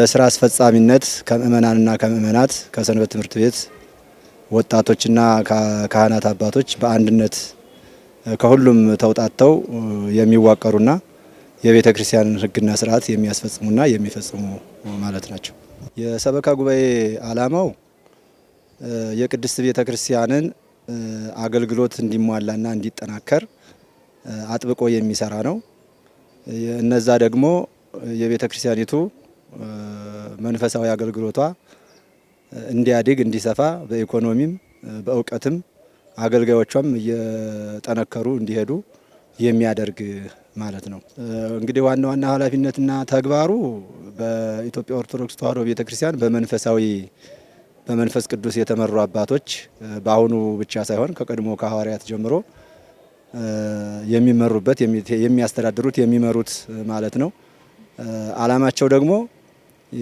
ለስራ አስፈጻሚነት ከምእመናንና ከምእመናት ከሰንበት ትምህርት ቤት ወጣቶችና ካህናት አባቶች በአንድነት ከሁሉም ተውጣተው የሚዋቀሩና የቤተ ክርስቲያንን ሕግና ስርዓት የሚያስፈጽሙና የሚፈጽሙ ማለት ናቸው። የሰበካ ጉባኤ ዓላማው የቅድስት ቤተ ክርስቲያንን አገልግሎት እንዲሟላና እንዲጠናከር አጥብቆ የሚሰራ ነው። እነዛ ደግሞ የቤተ ክርስቲያኒቱ መንፈሳዊ አገልግሎቷ እንዲያድግ እንዲሰፋ፣ በኢኮኖሚም በእውቀትም አገልጋዮቿም እየጠነከሩ እንዲሄዱ የሚያደርግ ማለት ነው። እንግዲህ ዋና ዋና ኃላፊነትና ተግባሩ በኢትዮጵያ ኦርቶዶክስ ተዋሕዶ ቤተክርስቲያን በመንፈሳዊ በመንፈስ ቅዱስ የተመሩ አባቶች በአሁኑ ብቻ ሳይሆን ከቀድሞ ከሐዋርያት ጀምሮ የሚመሩበት የሚያስተዳድሩት የሚመሩት ማለት ነው። ዓላማቸው ደግሞ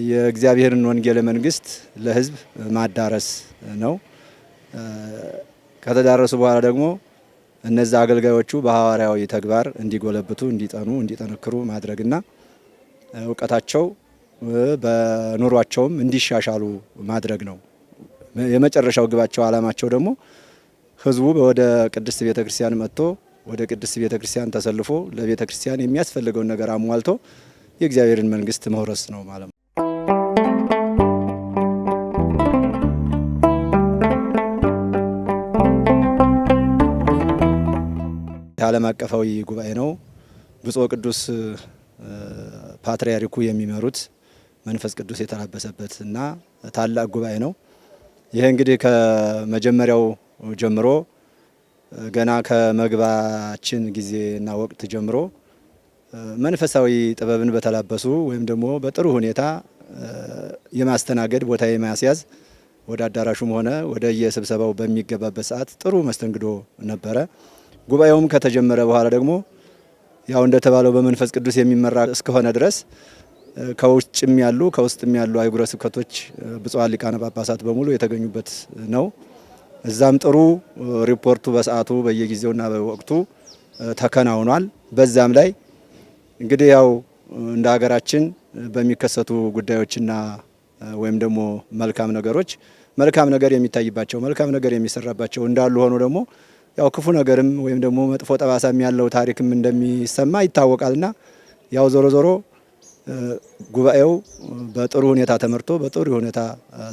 የእግዚአብሔርን ወንጌለ መንግስት ለህዝብ ማዳረስ ነው። ከተዳረሱ በኋላ ደግሞ እነዛ አገልጋዮቹ በሐዋርያዊ ተግባር እንዲጎለብቱ፣ እንዲጠኑ፣ እንዲጠነክሩ ማድረግና እውቀታቸው በኑሯቸውም እንዲሻሻሉ ማድረግ ነው። የመጨረሻው ግባቸው አላማቸው ደግሞ ህዝቡ ወደ ቅድስት ቤተ ክርስቲያን መጥቶ ወደ ቅድስት ቤተ ክርስቲያን ተሰልፎ ለቤተ ክርስቲያን የሚያስፈልገውን ነገር አሟልቶ የእግዚአብሔርን መንግስት መውረስ ነው ማለት ነው። የዓለም አቀፋዊ ጉባኤ ነው። ብፁዕ ቅዱስ ፓትርያርኩ የሚመሩት መንፈስ ቅዱስ የተላበሰበት እና ታላቅ ጉባኤ ነው። ይህ እንግዲህ ከመጀመሪያው ጀምሮ ገና ከመግባችን ጊዜና ወቅት ጀምሮ መንፈሳዊ ጥበብን በተላበሱ ወይም ደግሞ በጥሩ ሁኔታ የማስተናገድ ቦታ የማስያዝ ወደ አዳራሹም ሆነ ወደ የስብሰባው በሚገባበት ሰዓት ጥሩ መስተንግዶ ነበረ። ጉባኤውም ከተጀመረ በኋላ ደግሞ ያው እንደተባለው በመንፈስ ቅዱስ የሚመራ እስከሆነ ድረስ ከውጭም ያሉ ከውስጥም ያሉ አህጉረ ስብከቶች ብፁዓን ሊቃነ ጳጳሳት በሙሉ የተገኙበት ነው። እዛም ጥሩ ሪፖርቱ በሰዓቱ በየጊዜውና በወቅቱ ተከናውኗል። በዛም ላይ እንግዲህ ያው እንደ ሀገራችን በሚከሰቱ ጉዳዮችና ወይም ደግሞ መልካም ነገሮች መልካም ነገር የሚታይባቸው መልካም ነገር የሚሰራባቸው እንዳሉ ሆኖ ደግሞ ያው ክፉ ነገርም ወይም ደግሞ መጥፎ ጠባሳም ያለው ታሪክም እንደሚሰማ ይታወቃልና ያው ዞሮ ዞሮ ጉባኤው በጥሩ ሁኔታ ተመርቶ በጥሩ ሁኔታ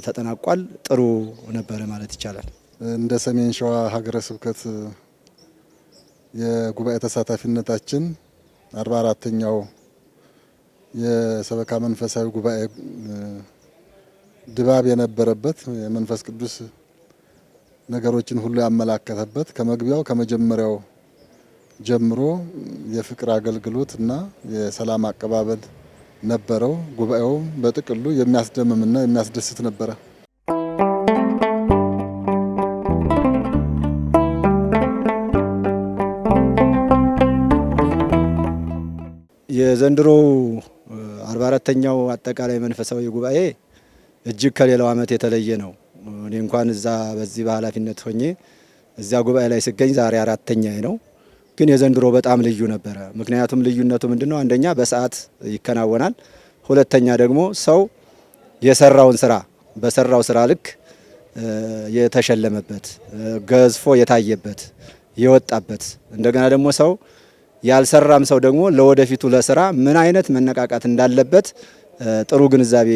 ተጠናቋል። ጥሩ ነበረ ማለት ይቻላል። እንደ ሰሜን ሸዋ ሀገረ ስብከት የጉባኤ ተሳታፊነታችን አርባ አራተኛው የሰበካ መንፈሳዊ ጉባኤ ድባብ የነበረበት የመንፈስ ቅዱስ ነገሮችን ሁሉ ያመላከተበት ከመግቢያው ከመጀመሪያው ጀምሮ የፍቅር አገልግሎት እና የሰላም አቀባበል ነበረው። ጉባኤውም በጥቅሉ የሚያስደምምና የሚያስደስት ነበረ። የዘንድሮው አርባ አራተኛው አጠቃላይ መንፈሳዊ ጉባኤ እጅግ ከሌላው ዓመት የተለየ ነው። እኔ እንኳን እዛ በዚህ በኃላፊነት ሆኜ እዚያ ጉባኤ ላይ ስገኝ ዛሬ አራተኛዬ ነው። ግን የዘንድሮ በጣም ልዩ ነበረ። ምክንያቱም ልዩነቱ ምንድን ነው? አንደኛ በሰዓት ይከናወናል። ሁለተኛ ደግሞ ሰው የሰራውን ስራ በሰራው ስራ ልክ የተሸለመበት ገዝፎ የታየበት የወጣበት እንደገና ደግሞ ሰው ያልሰራም ሰው ደግሞ ለወደፊቱ ለስራ ምን አይነት መነቃቃት እንዳለበት ጥሩ ግንዛቤ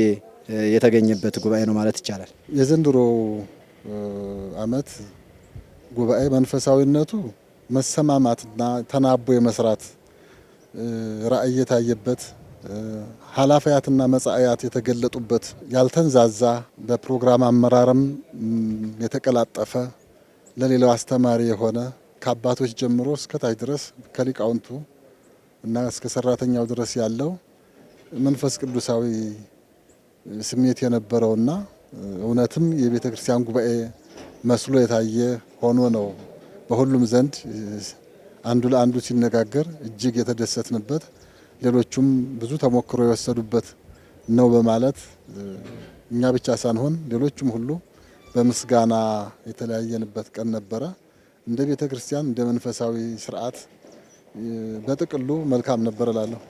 የተገኘበት ጉባኤ ነው ማለት ይቻላል። የዘንድሮ አመት ጉባኤ መንፈሳዊነቱ መሰማማትና ተናቦ የመስራት ራዕይ የታየበት ኃላፊያትና መጻእያት የተገለጡበት ያልተንዛዛ በፕሮግራም አመራርም የተቀላጠፈ ለሌላው አስተማሪ የሆነ ከአባቶች ጀምሮ እስከ ታች ድረስ ከሊቃውንቱ እና እስከ ሰራተኛው ድረስ ያለው መንፈስ ቅዱሳዊ ስሜት የነበረውና እውነትም የቤተ ክርስቲያን ጉባኤ መስሎ የታየ ሆኖ ነው በሁሉም ዘንድ አንዱ ለአንዱ ሲነጋገር እጅግ የተደሰትንበት ሌሎቹም ብዙ ተሞክሮ የወሰዱበት ነው በማለት እኛ ብቻ ሳንሆን ሌሎቹም ሁሉ በምስጋና የተለያየንበት ቀን ነበረ። እንደ ቤተ ክርስቲያን እንደ መንፈሳዊ ስርዓት በጥቅሉ መልካም ነበር እላለሁ።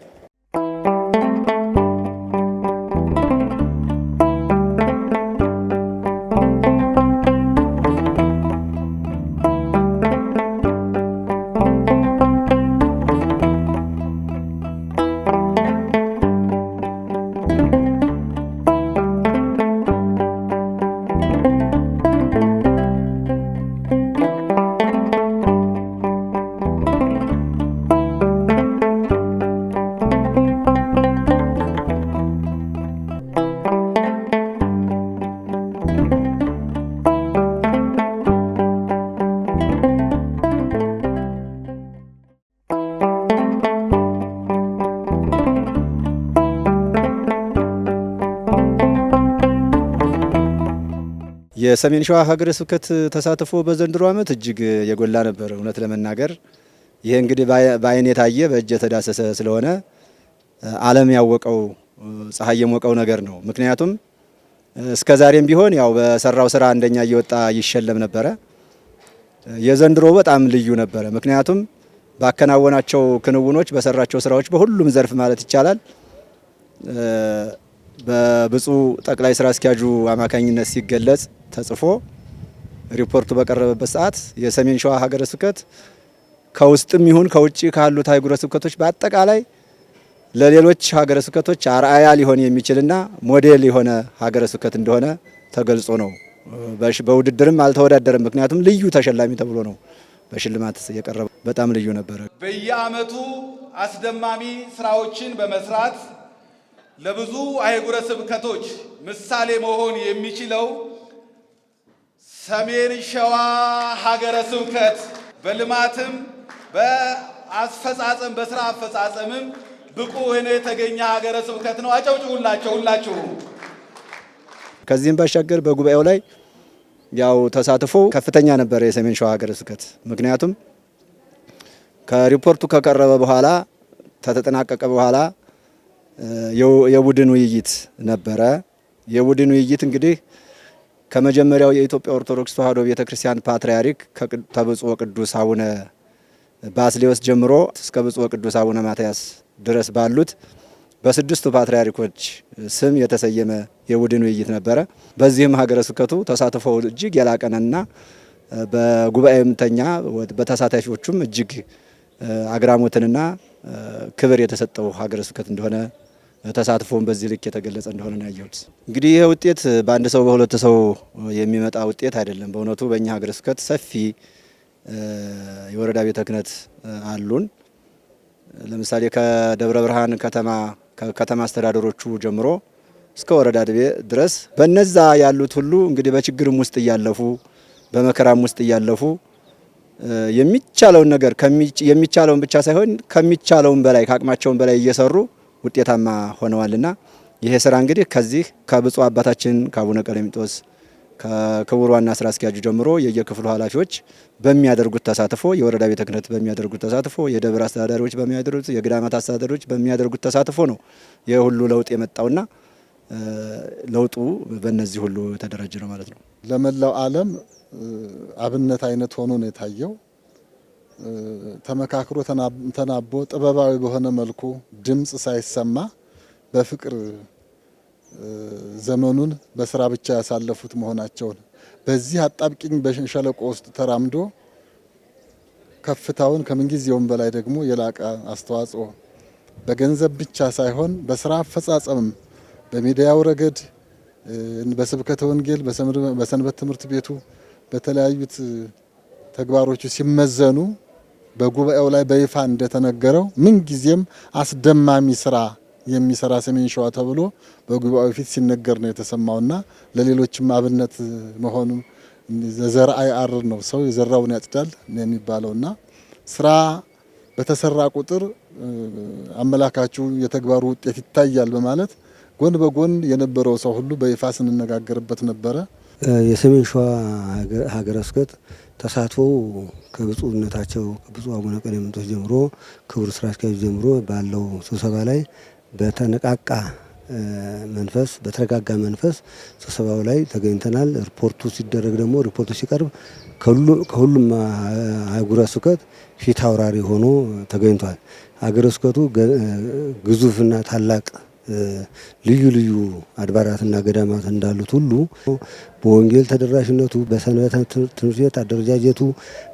የሰሜን ሸዋ ሀገረ ስብከት ተሳትፎ በዘንድሮ ዓመት እጅግ የጎላ ነበር። እውነት ለመናገር ይሄ እንግዲህ በአይን የታየ በእጅ የተዳሰሰ ስለሆነ ዓለም ያወቀው ፀሐይ የሞቀው ነገር ነው። ምክንያቱም እስከ ዛሬም ቢሆን ያው በሰራው ስራ አንደኛ እየወጣ ይሸለም ነበረ። የዘንድሮ በጣም ልዩ ነበረ። ምክንያቱም ባከናወናቸው ክንውኖች፣ በሰራቸው ስራዎች በሁሉም ዘርፍ ማለት ይቻላል በብፁዕ ጠቅላይ ስራ አስኪያጁ አማካኝነት ሲገለጽ ተጽፎ ሪፖርቱ በቀረበበት ሰዓት የሰሜን ሸዋ ሀገረ ስብከት ከውስጥም ይሁን ከውጭ ካሉት አህጉረ ስብከቶች በአጠቃላይ ለሌሎች ሀገረ ስብከቶች አርአያ ሊሆን የሚችልና ሞዴል የሆነ ሀገረ ስብከት እንደሆነ ተገልጾ ነው። በውድድርም አልተወዳደረም። ምክንያቱም ልዩ ተሸላሚ ተብሎ ነው በሽልማት የቀረበ። በጣም ልዩ ነበረ። በየአመቱ አስደማሚ ስራዎችን በመስራት ለብዙ አህጉረ ስብከቶች ምሳሌ መሆን የሚችለው ሰሜን ሸዋ ሀገረ ስብከት በልማትም በአስፈጻጸም በስራ አፈጻጸምም ብቁ ሆኖ የተገኘ ሀገረ ስብከት ነው። አጨብጭቡላቸው ሁላችሁ። ከዚህም ባሻገር በጉባኤው ላይ ያው ተሳትፎ ከፍተኛ ነበረ የሰሜን ሸዋ ሀገረ ስብከት። ምክንያቱም ከሪፖርቱ ከቀረበ በኋላ ከተጠናቀቀ በኋላ የቡድን ውይይት ነበረ። የቡድን ውይይት እንግዲህ ከመጀመሪያው የኢትዮጵያ ኦርቶዶክስ ተዋሕዶ ቤተ ክርስቲያን ፓትርያርክ ከብፁዕ ቅዱስ አቡነ ባስሌዎስ ጀምሮ እስከ ብፁዕ ቅዱስ አቡነ ማትያስ ድረስ ባሉት በስድስቱ ፓትርያርኮች ስም የተሰየመ የቡድን ውይይት ነበረ። በዚህም ሀገረ ስብከቱ ተሳትፎ እጅግ የላቀነና ምተኛ በተሳታፊዎቹም እጅግ አግራሞትንና ክብር የተሰጠው ሀገረ ስብከት እንደሆነ ተሳትፎን በዚህ ልክ የተገለጸ እንደሆነ ነው ያየሁት። እንግዲህ ይህ ውጤት በአንድ ሰው በሁለት ሰው የሚመጣ ውጤት አይደለም። በእውነቱ በእኛ ሀገረ ስብከት ሰፊ የወረዳ ቤተ ክህነት አሉን። ለምሳሌ ከደብረ ብርሃን ከተማ ከከተማ አስተዳደሮቹ ጀምሮ እስከ ወረዳ ድቤ ድረስ በነዛ ያሉት ሁሉ እንግዲህ በችግርም ውስጥ እያለፉ በመከራም ውስጥ እያለፉ የሚቻለውን ነገር የሚቻለውን ብቻ ሳይሆን ከሚቻለውን በላይ ከአቅማቸውን በላይ እየሰሩ ውጤታማ ሆነዋልና ይሄ ስራ እንግዲህ ከዚህ ከብፁዕ አባታችን ከአቡነ ቀለሚጦስ ከክቡር ዋና ስራ አስኪያጁ ጀምሮ የየክፍሉ ኃላፊዎች በሚያደርጉት ተሳትፎ፣ የወረዳ ቤተ ክህነት በሚያደርጉት ተሳትፎ፣ የደብር አስተዳዳሪዎች በሚያደርጉት፣ የገዳማት አስተዳዳሪዎች በሚያደርጉት ተሳትፎ ነው ይህ ሁሉ ለውጥ የመጣውና ለውጡ በእነዚህ ሁሉ የተደራጀ ነው ማለት ነው። ለመላው ዓለም አብነት አይነት ሆኖ ነው የታየው። ተመካክሮ ተናቦ ጥበባዊ በሆነ መልኩ ድምፅ ሳይሰማ በፍቅር ዘመኑን በስራ ብቻ ያሳለፉት መሆናቸውን በዚህ አጣብቂኝ በሸለቆ ውስጥ ተራምዶ ከፍታውን ከምንጊዜውም በላይ ደግሞ የላቀ አስተዋጽኦ በገንዘብ ብቻ ሳይሆን በስራ አፈጻጸምም በሚዲያው ረገድ በስብከተ ወንጌል በሰንበት ትምህርት ቤቱ በተለያዩት ተግባሮቹ ሲመዘኑ በጉባኤው ላይ በይፋ እንደተነገረው ምንጊዜም አስደማሚ ስራ የሚሰራ ሰሜን ሸዋ ተብሎ በጉባኤው ፊት ሲነገር ነው የተሰማውና ለሌሎችም አብነት መሆኑ ዘርአይ አርር ነው ሰው የዘራውን ያጭዳል የሚባለውና ስራ በተሰራ ቁጥር አመላካቹ የተግባሩ ውጤት ይታያል በማለት ጎን በጎን የነበረው ሰው ሁሉ በይፋ ስንነጋገርበት ነበረ። የሰሜን ሸዋ ሀገረ ስብከት ተሳትፎ ከብፁዕነታቸው ብፁዕ አቡነ ቀለምንጦስ ጀምሮ ክቡር ስራ አስኪያጅ ጀምሮ ባለው ስብሰባ ላይ በተነቃቃ መንፈስ በተረጋጋ መንፈስ ስብሰባው ላይ ተገኝተናል። ሪፖርቱ ሲደረግ ደግሞ ሪፖርቱ ሲቀርብ ከሁሉም አህጉረ ስብከት ፊት አውራሪ ሆኖ ተገኝቷል። አገረ ስብከቱ ግዙፍና ታላቅ ልዩ ልዩ አድባራትና ገዳማት እንዳሉት ሁሉ በወንጌል ተደራሽነቱ በሰንበት ትምህርት ቤት አደረጃጀቱ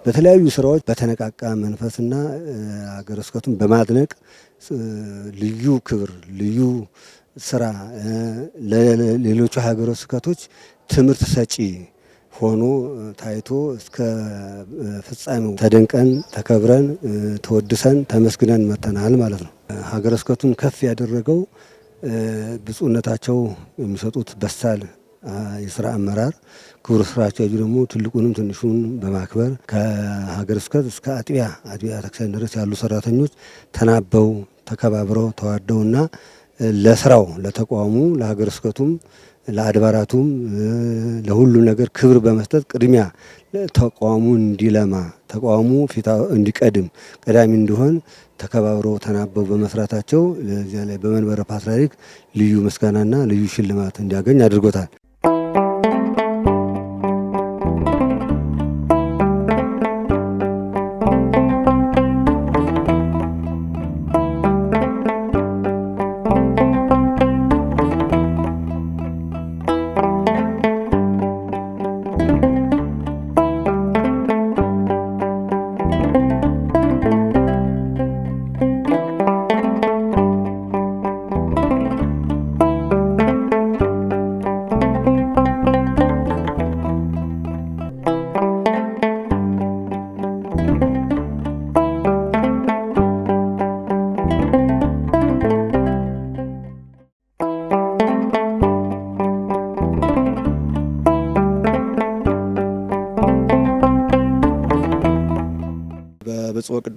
በተለያዩ ስራዎች በተነቃቃ መንፈስና ሀገረ ስብከቱን በማድነቅ ልዩ ክብር፣ ልዩ ስራ ለሌሎቹ ሀገረ ስብከቶች ትምህርት ሰጪ ሆኖ ታይቶ እስከ ፍጻሜው ተደንቀን ተከብረን ተወድሰን ተመስግነን መተናል ማለት ነው። ሀገረ ስብከቱን ከፍ ያደረገው ብፁዕነታቸው የሚሰጡት በሳል የስራ አመራር ክቡር ስራቸው አስኪያጁ ደግሞ ትልቁንም ትንሹን በማክበር ከሀገር ስብከት እስከ አጥቢያ አጥቢያ ተክሳይ ድረስ ያሉ ሰራተኞች ተናበው ተከባብረው ተዋደውና ለስራው ለተቋሙ ለሀገር ስብከቱም ለአድባራቱም ለሁሉም ነገር ክብር በመስጠት ቅድሚያ ተቋሙ እንዲለማ ተቋሙ ፊታ እንዲቀድም ቀዳሚ እንዲሆን ተከባብሮ ተናበው በመስራታቸው ለዚያ ላይ በመንበረ ፓትርያርክ ልዩ ምስጋናና ልዩ ሽልማት እንዲያገኝ አድርጎታል።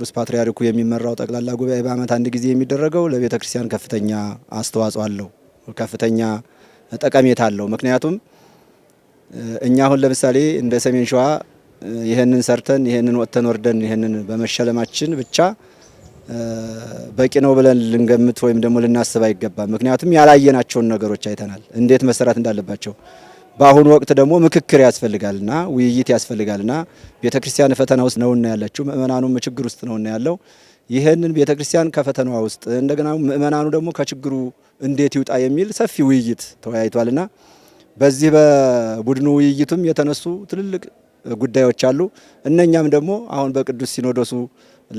ቅዱስ ፓትርያርኩ የሚመራው ጠቅላላ ጉባኤ በዓመት አንድ ጊዜ የሚደረገው ለቤተ ክርስቲያን ከፍተኛ አስተዋጽኦ አለው፣ ከፍተኛ ጠቀሜታ አለው። ምክንያቱም እኛ አሁን ለምሳሌ እንደ ሰሜን ሸዋ ይህንን ሰርተን ይህንን ወጥተን ወርደን ይህንን በመሸለማችን ብቻ በቂ ነው ብለን ልንገምት ወይም ደግሞ ልናስብ አይገባም። ምክንያቱም ያላየናቸውን ነገሮች አይተናል፣ እንዴት መሰራት እንዳለባቸው በአሁኑ ወቅት ደግሞ ምክክር ያስፈልጋልና ውይይት ያስፈልጋልና ቤተክርስቲያን ፈተና ውስጥ ነውና ያለችው ምእመናኑም ችግር ውስጥ ነውና ያለው ይህንን ቤተክርስቲያን ከፈተናዋ ውስጥ እንደገና ምእመናኑ ደግሞ ከችግሩ እንዴት ይውጣ የሚል ሰፊ ውይይት ተወያይቷልና በዚህ በቡድኑ ውይይቱም የተነሱ ትልልቅ ጉዳዮች አሉ። እነኛም ደግሞ አሁን በቅዱስ ሲኖዶሱ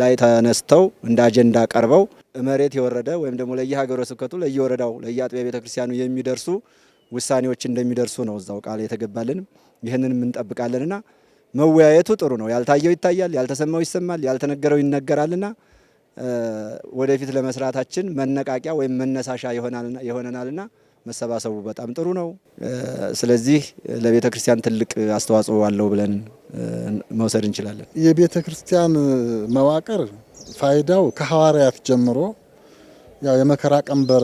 ላይ ተነስተው እንደ አጀንዳ ቀርበው መሬት የወረደ ወይም ደግሞ ለየሀገረ ስብከቱ ለየወረዳው ለየአጥቢያ ቤተክርስቲያኑ የሚደርሱ ውሳኔዎች እንደሚደርሱ ነው እዛው ቃል የተገባልንም ይህንንም እንጠብቃለንና መወያየቱ ጥሩ ነው። ያልታየው ይታያል፣ ያልተሰማው ይሰማል፣ ያልተነገረው ይነገራልና ወደፊት ለመስራታችን መነቃቂያ ወይም መነሳሻ ይሆነናልና መሰባሰቡ በጣም ጥሩ ነው። ስለዚህ ለቤተ ክርስቲያን ትልቅ አስተዋጽኦ አለው ብለን መውሰድ እንችላለን። የቤተ ክርስቲያን መዋቅር ፋይዳው ከሐዋርያት ጀምሮ ያው የመከራ ቀንበር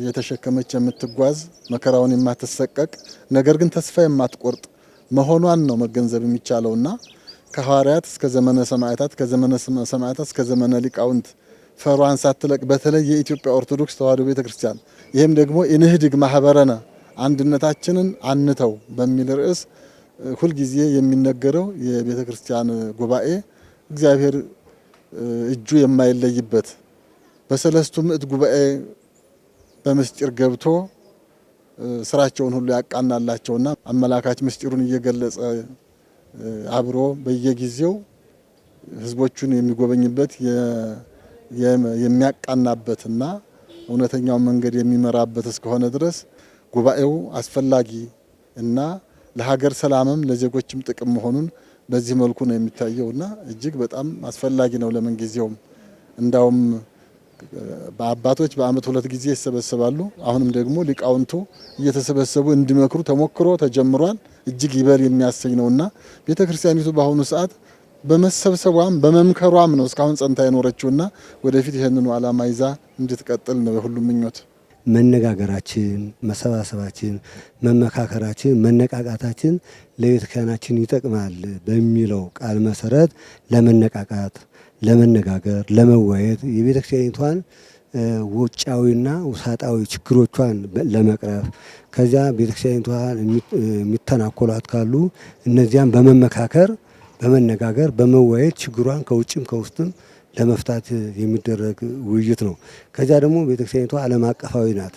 እየተሸከመች የምትጓዝ መከራውን የማትሰቀቅ ነገር ግን ተስፋ የማትቆርጥ መሆኗን ነው መገንዘብ የሚቻለው እና ከሐዋርያት እስከ ዘመነ ሰማዕታት ከዘመነ ሰማዕታት እስከ ዘመነ ሊቃውንት ፈሯን ሳትለቅ በተለይ የኢትዮጵያ ኦርቶዶክስ ተዋሕዶ ቤተክርስቲያን ይህም ደግሞ ኢንህድግ ማህበረነ አንድነታችንን አንተው በሚል ርዕስ ሁልጊዜ የሚነገረው የቤተክርስቲያን ጉባኤ እግዚአብሔር እጁ የማይለይበት በሰለስቱ ምእት ጉባኤ በምስጢር ገብቶ ስራቸውን ሁሉ ያቃናላቸውና አመላካች ምስጢሩን እየገለጸ አብሮ በየጊዜው ህዝቦቹን የሚጎበኝበት የሚያቃናበትና እውነተኛው መንገድ የሚመራበት እስከሆነ ድረስ ጉባኤው አስፈላጊ እና ለሀገር ሰላምም ለዜጎችም ጥቅም መሆኑን በዚህ መልኩ ነው የሚታየውና እጅግ በጣም አስፈላጊ ነው ለምንጊዜውም እንዳውም በአባቶች በዓመት ሁለት ጊዜ ይሰበሰባሉ። አሁንም ደግሞ ሊቃውንቱ እየተሰበሰቡ እንዲመክሩ ተሞክሮ ተጀምሯል። እጅግ ይበል የሚያሰኝ ነውና ቤተ ክርስቲያኒቱ በአሁኑ ሰዓት በመሰብሰቧም በመምከሯም ነው እስካሁን ጸንታ የኖረችውና ወደፊት ይህንኑ ዓላማ ይዛ እንድትቀጥል ነው የሁሉም ምኞት። መነጋገራችን፣ መሰባሰባችን፣ መመካከራችን፣ መነቃቃታችን ለቤተ ክርስቲያናችን ይጠቅማል በሚለው ቃል መሰረት ለመነቃቃት ለመነጋገር ለመወያየት የቤተክርስቲያኒቷን ውጫዊና ውሳጣዊ ችግሮቿን ለመቅረፍ ከዚያ ቤተክርስቲያኒቷ የሚተናኮሏት ካሉ እነዚያን በመመካከር በመነጋገር በመወያየት ችግሯን ከውጭም ከውስጥም ለመፍታት የሚደረግ ውይይት ነው። ከዚያ ደግሞ ቤተክርስቲያኒቷ ዓለም አቀፋዊ ናት።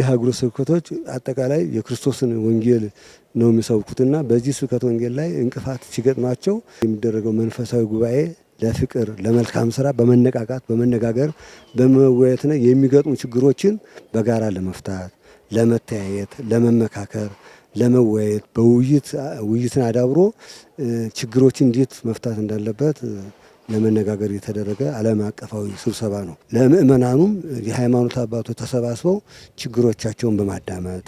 የሀገረ ስብከቶች አጠቃላይ የክርስቶስን ወንጌል ነው የሚሰብኩትና በዚህ ስብከት ወንጌል ላይ እንቅፋት ሲገጥማቸው የሚደረገው መንፈሳዊ ጉባኤ ለፍቅር፣ ለመልካም ስራ በመነቃቃት በመነጋገር በመወያየት ነው የሚገጥሙ ችግሮችን በጋራ ለመፍታት፣ ለመተያየት፣ ለመመካከር፣ ለመወያየት በውይይት ውይይትን አዳብሮ ችግሮችን እንዴት መፍታት እንዳለበት ለመነጋገር የተደረገ ዓለም አቀፋዊ ስብሰባ ነው። ለምእመናኑም የሃይማኖት አባቶች ተሰባስበው ችግሮቻቸውን በማዳመጥ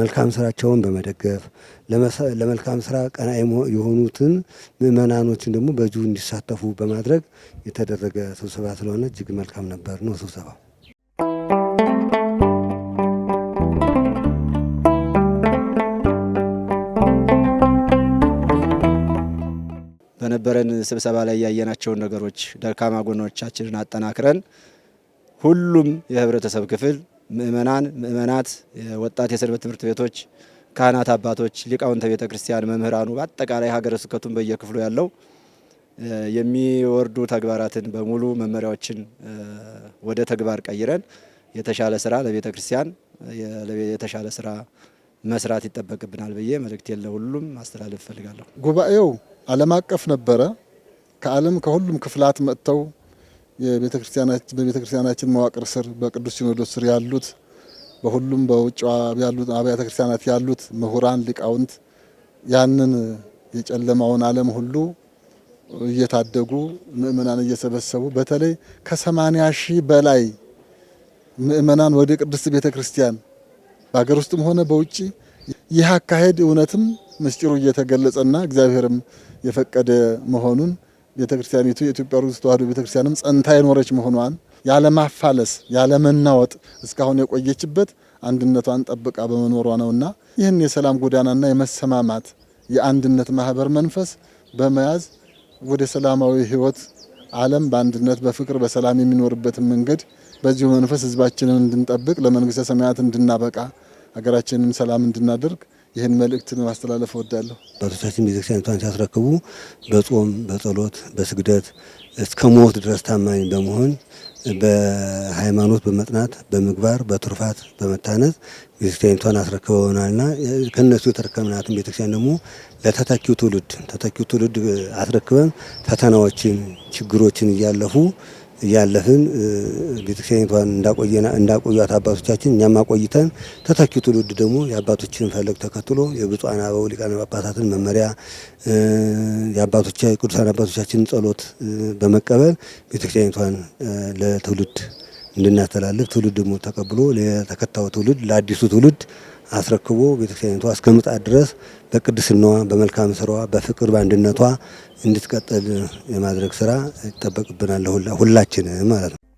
መልካም ስራቸውን በመደገፍ ለመልካም ስራ ቀና የሆኑትን ምእመናኖችን ደግሞ በእጁ እንዲሳተፉ በማድረግ የተደረገ ስብሰባ ስለሆነ እጅግ መልካም ነበር ነው ስብሰባው። በነበረን ስብሰባ ላይ ያየናቸውን ነገሮች ደካማ ጎኖቻችንን አጠናክረን ሁሉም የህብረተሰብ ክፍል ምእመናን፣ ምእመናት፣ ወጣት የሰንበት ትምህርት ቤቶች፣ ካህናት፣ አባቶች፣ ሊቃውንተ ቤተ ክርስቲያን፣ መምህራኑ በአጠቃላይ ሀገረ ስብከቱን በየክፍሉ ያለው የሚወርዱ ተግባራትን በሙሉ መመሪያዎችን ወደ ተግባር ቀይረን የተሻለ ስራ ለቤተ ክርስቲያን የተሻለ ስራ መስራት ይጠበቅብናል ብዬ መልእክቴን ለሁሉም ማስተላለፍ እፈልጋለሁ። ጉባኤው ዓለም አቀፍ ነበረ። ከዓለም ከሁሉም ክፍላት መጥተው በቤተክርስቲያናችን መዋቅር ስር በቅዱስ ሲኖዶስ ስር ያሉት በሁሉም በውጭ ያሉት አብያተ ክርስቲያናት ያሉት ምሁራን፣ ሊቃውንት ያንን የጨለማውን ዓለም ሁሉ እየታደጉ ምእመናን እየሰበሰቡ በተለይ ከሰማንያ ሺህ በላይ ምእመናን ወደ ቅድስት ቤተ ክርስቲያን በሀገር ውስጥም ሆነ በውጭ ይህ አካሄድ እውነትም ምስጢሩ እየተገለጸና እግዚአብሔርም የፈቀደ መሆኑን ቤተክርስቲያኒቱ የኢትዮጵያ ኦርቶዶክስ ተዋሕዶ ቤተክርስቲያንም ጸንታ የኖረች መሆኗን ያለማፋለስ ያለመናወጥ እስካሁን የቆየችበት አንድነቷን ጠብቃ በመኖሯ ነውና ይህን የሰላም ጎዳናና የመሰማማት የአንድነት ማህበር መንፈስ በመያዝ ወደ ሰላማዊ ህይወት ዓለም በአንድነት በፍቅር በሰላም የሚኖርበትን መንገድ በዚሁ መንፈስ ህዝባችንን እንድንጠብቅ ለመንግስተ ሰማያት እንድናበቃ ሀገራችንን ሰላም እንድናደርግ ይህን መልእክት ማስተላለፍ እወዳለሁ። አባቶቻችን ቤተክርስቲያኒቷን ሲያስረክቡ በጾም በጸሎት በስግደት እስከ ሞት ድረስ ታማኝ በመሆን በሃይማኖት በመጥናት በምግባር በትርፋት በመታነጽ ቤተክርስቲያኒቷን አስረክበውናልና ከእነሱ የተረከምናትን ቤተክርስቲያን ደግሞ ለተተኪው ትውልድ ተተኪው ትውልድ አስረክበን ፈተናዎችን ችግሮችን እያለፉ እያለፍን ቤተክርስቲያኒቷን እንዳቆዩት አባቶቻችን እኛም አቆይተን ተተኪ ትውልድ ደግሞ የአባቶችን ፈለግ ተከትሎ የብፁዓን አበው ሊቃነ ጳጳሳትን መመሪያ የአባቶች ቅዱሳን አባቶቻችን ጸሎት በመቀበል ቤተክርስቲያኒቷን ለትውልድ እንድናስተላልፍ ትውልድ ደግሞ ተቀብሎ ለተከታው ትውልድ ለአዲሱ ትውልድ አስረክቦ ቤተክርስቲያኒቷ እስከ ምጽአት ድረስ በቅድስናዋ በመልካም ስራዋ በፍቅር በአንድነቷ እንድትቀጥል የማድረግ ስራ ይጠበቅብናል፣ ሁላችን ማለት ነው።